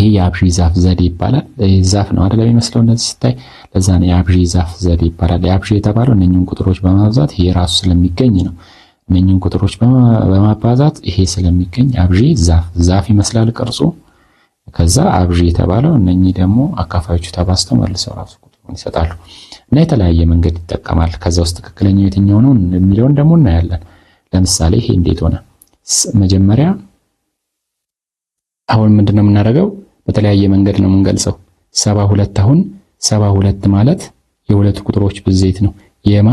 ይሄ የአብዢ ዛፍ ዘዴ ይባላል። ዛፍ ነው አይደለም የሚመስለው እንደዚህ ሲታይ፣ ለዛ ነው የአብዢ ዛፍ ዘዴ ይባላል። የአብዢ የተባለው እነኝን ቁጥሮች በማብዛት ይሄ ራሱ ስለሚገኝ ነው። እነኝን ቁጥሮች በማባዛት ይሄ ስለሚገኝ አብዢ ዛፍ ዛፍ ይመስላል ቅርጹ። ከዛ አብዢ የተባለው እነኚህ ደግሞ አካፋዮቹ ተባዝተው መልሰው ራሱ ቁጥሩን ይሰጣሉ። እና የተለያየ መንገድ ይጠቀማል። ከዛ ውስጥ ትክክለኛው የትኛው ነው የሚለውን ደግሞ እናያለን። ለምሳሌ ይሄ እንዴት ሆነ? መጀመሪያ አሁን ምንድነው የምናደርገው? በተለያየ መንገድ ነው የምንገልጸው። ሰባ ሁለት አሁን ሰባ ሁለት ማለት የሁለት ቁጥሮች ብዜት ነው። የማ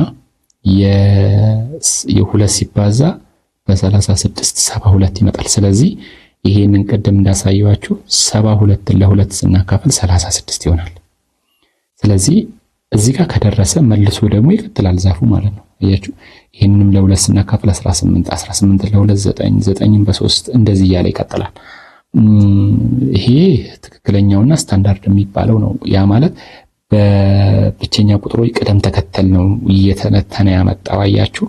የሁለት ሲባዛ በሰላሳ ስድስት ሰባ ሁለት ይመጣል። ስለዚህ ይሄንን ቅድም እንዳሳየዋችሁ ሰባ ሁለትን ለሁለት ስናካፍል ሰላሳ ስድስት ይሆናል። ስለዚህ እዚህ ጋር ከደረሰ መልሶ ደግሞ ይቀጥላል ዛፉ ማለት ነው። አያችሁ ይህንንም ለሁለት ስናካፍል 18 18 ለሁለት 9 9ን በሶስት እንደዚህ እያለ ይቀጥላል። ይሄ ትክክለኛውና ስታንዳርድ የሚባለው ነው። ያ ማለት በብቸኛ ቁጥሮች ቅደም ተከተል ነው እየተነተነ ያመጣው። አያችሁ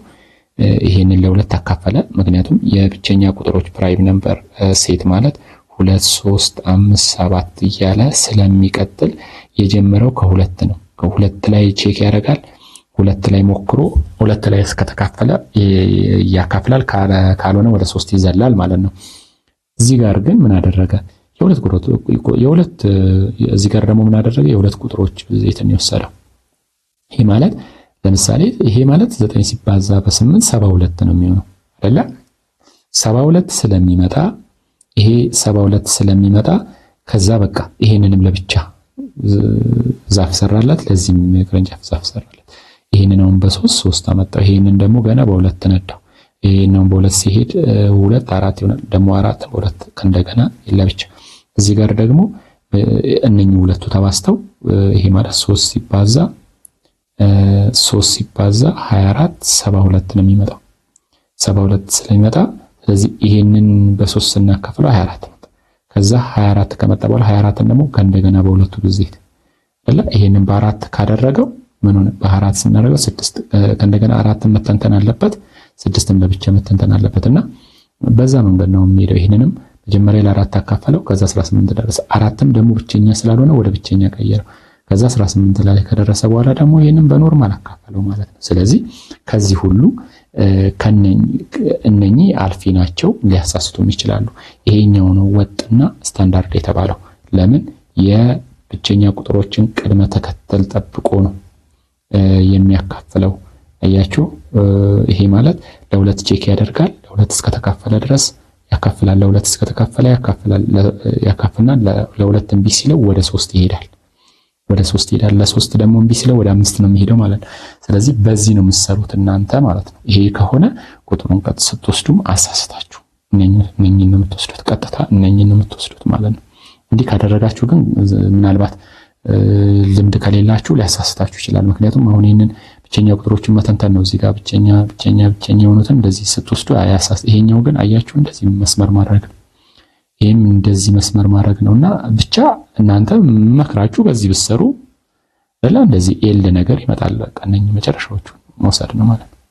ይሄንን ለሁለት አካፈለ። ምክንያቱም የብቸኛ ቁጥሮች ፕራይም ነምበር ሴት ማለት ሁለት፣ ሶስት፣ አምስት፣ ሰባት እያለ ስለሚቀጥል የጀመረው ከሁለት ነው። ከሁለት ላይ ቼክ ያደርጋል። ሁለት ላይ ሞክሮ ሁለት ላይ እስከተካፈለ ያካፍላል። ካልሆነ ወደ ሶስት ይዘላል ማለት ነው። እዚህ ጋር ግን ምን አደረገ? የሁለት ቁጥሮች የሁለት እዚህ ጋር ደግሞ ምን አደረገ? የሁለት ቁጥሮች ዘይትን የወሰደው። ይሄ ማለት ለምሳሌ ይሄ ማለት 9 ሲባዛ በ8 72 ነው የሚሆነው አይደለ? 72 ስለሚመጣ ይሄ 72 ስለሚመጣ ከዛ በቃ ይሄንንም ለብቻ ዛፍ ሰራላት፣ ለዚህም ቅርንጫፍ ዛፍ ሰራላት። ይሄንን አሁን 3 ሶስት አመጣው። ይሄንን ደግሞ ገና በሁለት ነዳው። ይሄኛው በሁለት ሲሄድ ሁለት አራት ይሆናል። ደግሞ አራት በሁለት እንደገና ለብቻ እዚህ ጋር ደግሞ እነኚህ ሁለቱ ተባዝተው ይሄ ማለት ሶስት ሲባዛ ሶስት ሲባዛ 24 72 ነው የሚመጣው 72 ስለሚመጣ ስለዚህ ይሄንን በሶስት ስናከፍለው 24 ነው። ከዛ 24 ከመጣ በኋላ 24ን ደግሞ ከእንደገና በሁለቱ ጊዜ አይደለ ይሄንን በአራት ካደረገው ምን ሆነ? በአራት ስናደርገው ስድስት ከእንደገና አራት መተንተን አለበት። ስድስትን ለብቻ መተንተን አለበት እና በዛ መንገድ ነው የሚሄደው። ይህንንም መጀመሪያ ለአራት አካፈለው፣ ከዛ 18 ደረሰ። አራትም ደግሞ ብቸኛ ስላልሆነ ወደ ብቸኛ ቀየረው። ከዛ 18 ላይ ከደረሰ በኋላ ደግሞ ይህንም በኖርማል አካፈለው ማለት ነው። ስለዚህ ከዚህ ሁሉ እነኚህ አልፊ ናቸው፣ ሊያሳስቱም ይችላሉ። ይሄኛው ነው ወጥና ስታንዳርድ የተባለው። ለምን የብቸኛ ቁጥሮችን ቅድመ ተከተል ጠብቆ ነው የሚያካፍለው። አያችሁ፣ ይሄ ማለት ለሁለት ቼክ ያደርጋል። ለሁለት እስከተካፈለ ድረስ ያካፍላል። ለሁለት እስከተካፈለ ያካፍላል። ያካፍላል። ለሁለት እምቢ ሲለው ወደ ሶስት ይሄዳል። ወደ ሶስት ይሄዳል። ለሶስት ደግሞ እምቢ ሲለው ወደ አምስት ነው የሚሄደው ማለት ነው። ስለዚህ በዚህ ነው የምትሰሩት እናንተ ማለት ነው። ይሄ ከሆነ ቁጥሩን ቀጥ ስትወስዱም አሳስታችሁ እነኝን ነው የምትወስዱት፣ ቀጥታ እነኝን ነው የምትወስዱት ማለት ነው። እንዲህ ካደረጋችሁ ግን ምናልባት ልምድ ከሌላችሁ ሊያሳስታችሁ ይችላል። ምክንያቱም አሁን ይህንን ብቸኛ ቁጥሮችን መተንተን ነው እዚህ ጋር ብቸኛ ብቸኛ ብቸኛ የሆኑትን እንደዚህ ስትወስዱ አያሳስ ይሄኛው ግን አያችሁ እንደዚህ መስመር ማድረግ ነው። ይህም እንደዚህ መስመር ማድረግ ነው እና ብቻ እናንተ መክራችሁ በዚህ ብሰሩ ለላ እንደዚህ ኤል ነገር ይመጣል። ቀነኝ መጨረሻዎቹ መውሰድ ነው ማለት ነው።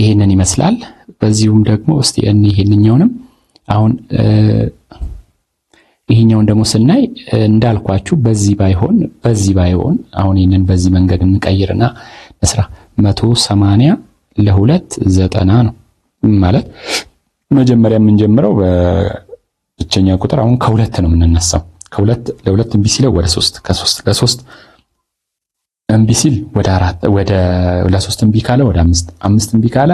ይሄንን ይመስላል። በዚሁም ደግሞ እስቲ እኔ ይሄንኛውንም አሁን ይሄኛውን ደግሞ ስናይ እንዳልኳችሁ በዚህ ባይሆን በዚህ ባይሆን አሁን ይህንን በዚህ መንገድ እንቀይርና ስራ መቶ ሰማንያ ለሁለት ዘጠና ነው ማለት መጀመሪያ የምንጀምረው በብቸኛ ቁጥር አሁን ከሁለት ነው የምንነሳው። ከሁለት ለሁለት እምቢ ሲለው ወደ ሶስት ከሶስት ለሶስት እምቢ ሲል ወደ አራት ወደ ለሶስት እምቢ ካለ ወደ አምስት አምስት እምቢ ካለ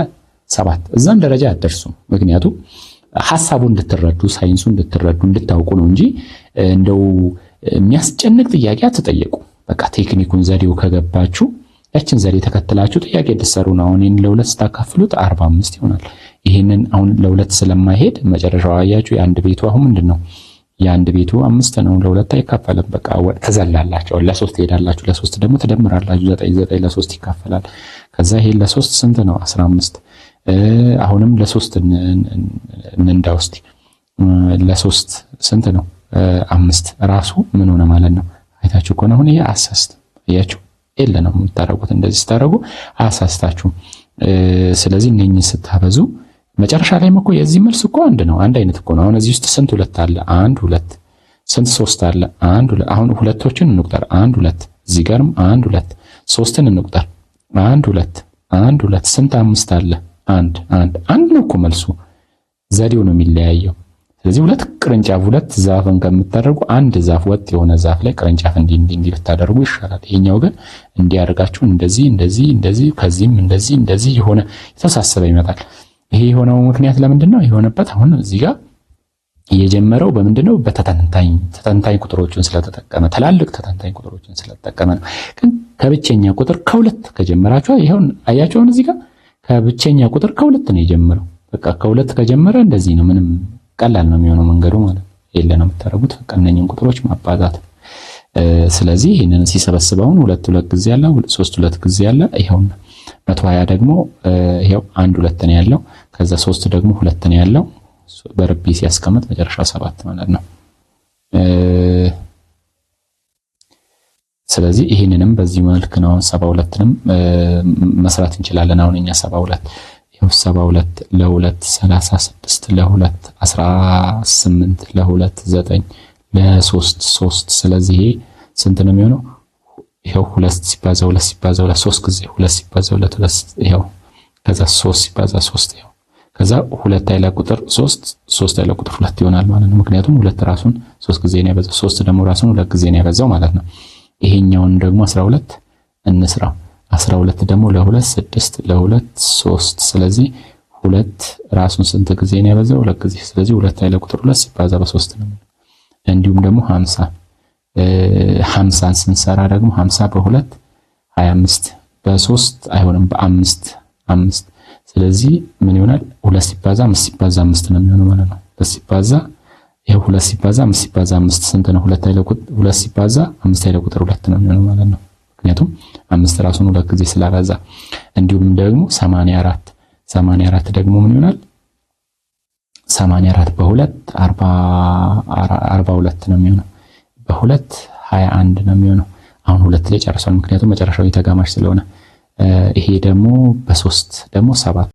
ሰባት እዛም ደረጃ አደርሱም ምክንያቱም ሀሳቡ እንድትረዱ ሳይንሱ እንድትረዱ እንድታውቁ ነው እንጂ እንደው የሚያስጨንቅ ጥያቄ አትጠየቁ። በቃ ቴክኒኩን ዘዴው ከገባችሁ ያችን ዘዴ ተከትላችሁ ጥያቄ እንድትሰሩ ነው። አሁን ይህን ለሁለት ስታካፍሉት አርባ አምስት ይሆናል። ይህንን አሁን ለሁለት ስለማይሄድ መጨረሻው አያችሁ የአንድ ቤቱ አሁን ምንድን ነው የአንድ ቤቱ አምስት ነው። ለሁለት አይካፈልም። በቃ ተዘላላቸው። ለሶስት ሄዳላችሁ። ለሶስት ደግሞ ትደምራላችሁ። ዘጠኝ ዘጠኝ ለሶስት ይካፈላል። ከዛ ይሄ ለሶስት ስንት ነው? አስራ አምስት አሁንም ለሶስት እንንዳ ውስጥ ለሶስት ስንት ነው? አምስት ራሱ ምን ሆነ ማለት ነው። አይታችሁ ከሆነ አሁን ይሄ አሳስት አያችሁ ኤል ነው የምታረጉት። እንደዚህ ስታረጉ አሳስታችሁ። ስለዚህ እነኝን ስታበዙ መጨረሻ ላይም እኮ የዚህ መልስ እኮ አንድ ነው። አንድ አይነት እኮ ነው። አሁን እዚህ ውስጥ ስንት ሁለት አለ? አንድ ሁለት። ስንት ሶስት አለ? አንድ ሁለት። አሁን ሁለቶችን እንቁጠር። አንድ ሁለት። እዚህ ጋርም አንድ ሁለት። ሶስትን እንቁጠር። አንድ ሁለት፣ አንድ ሁለት። ስንት አምስት አለ? አንድ አንድ አንድ ነው እኮ መልሱ። ዘዴው ነው የሚለያየው። ስለዚህ ሁለት ቅርንጫፍ ሁለት ዛፍን ከምታደርጉ አንድ ዛፍ ወጥ የሆነ ዛፍ ላይ ቅርንጫፍ እንዲህ እንዲህ እንዲህ ብታደርጉ ይሻላል። ይሄኛው ግን እንዲያደርጋችሁ እንደዚህ እንደዚህ እንደዚህ ከዚህም እንደዚህ እንደዚህ የሆነ የተወሳሰበ ይመጣል። ይሄ የሆነው ምክንያት ለምንድን ነው የሆነበት? አሁን እዚህ ጋር የጀመረው በምንድን ነው? በተተንታኝ ተተንታኝ ቁጥሮችን ስለተጠቀመ ትላልቅ ተተንታኝ ቁጥሮችን ስለተጠቀመ ነው። ግን ከብቸኛ ቁጥር ከሁለት ከጀመራችሁ ይሄውን አያችሁን እዚህ ጋር ከብቸኛ ቁጥር ከሁለት ነው የጀመረው። በቃ ከሁለት ከጀመረ እንደዚህ ነው፣ ምንም ቀላል ነው የሚሆነው መንገዱ ማለት ነው። የለ ነው የምታደርጉት በቃ እነኝን ቁጥሮች ማባዛት። ስለዚህ ይህንን ሲሰበስበውን ሁለት ሁለት ጊዜ አለ፣ ሶስት ሁለት ጊዜ አለ። ይኸውና መቶ ሀያ ደግሞ ይኸው አንድ ሁለት ነው ያለው፣ ከዛ ሶስት ደግሞ ሁለት ነው ያለው። በርቢ ሲያስቀምጥ መጨረሻ ሰባት ማለት ነው። ስለዚህ ይህንንም በዚህ መልክ ነው ሰባ ሁለትንም መስራት እንችላለን። አሁን እኛ ሰባ ሁለት ሰባ ሁለት ለሁለት ሰላሳ ስድስት ለሁለት አስራ ስምንት ለሁለት ዘጠኝ ለሶስት ሶስት ስለዚህ ይሄ ስንት ነው የሚሆነው? ይኸው ሁለት ሲባዛ ሁለት ሲባዛ ሁለት ሶስት ጊዜ ሁለት ሲባዛ ሁለት ሁለት ይኸው ከዛ ሶስት ሲባዛ ሶስት ይኸው ከዛ ሁለት ኃይለ ቁጥር ሶስት ሶስት ኃይለ ቁጥር ሁለት ይሆናል ማለት ነው። ምክንያቱም ሁለት ራሱን ሶስት ጊዜ ነው ያበዛው፣ ሶስት ደግሞ ራሱን ሁለት ጊዜ ነው ያበዛው ማለት ነው። ይሄኛውን ደግሞ 12 እንስራው። 12 ደግሞ ለሁለት ስድስት ለሁለት ሶስት። ስለዚህ ሁለት ራሱን ስንት ጊዜ ነው ያበዛው? ሁለት ጊዜ። ስለዚህ ሁለት ኃይለ ቁጥር ሁለት ሲባዛ በሶስት ነው። እንዲሁም ደግሞ 50 50 ስንሰራ ደግሞ 50 በሁለት 25 በሶስት አይሆንም፣ በአምስት አምስት። ስለዚህ ምን ይሆናል? ሁለት ሲባዛ አምስት ሲባዛ አምስት ነው የሚሆነው ማለት ነው። ሲባዛ ይሄ ሁለት ሲባዛ አምስት ሲባዛ አምስት ስንት ነው? ሁለት ኃይለ ቁጥር ሁለት ሲባዛ አምስት ኃይለ ቁጥር ሁለት ነው የሚሆነው ማለት ነው። ምክንያቱም አምስት ራሱን ሁለት ጊዜ ስላባዛ፣ እንዲሁም ደግሞ 84 84 ደግሞ ምን ይሆናል? 84 በሁለት 40 42 ነው የሚሆነው። በሁለት 21 ነው የሚሆነው። አሁን ሁለት ላይ ጨርሷል፣ ምክንያቱም መጨረሻው የተጋማሽ ስለሆነ። ይሄ ደግሞ በሶስት ደግሞ ሰባት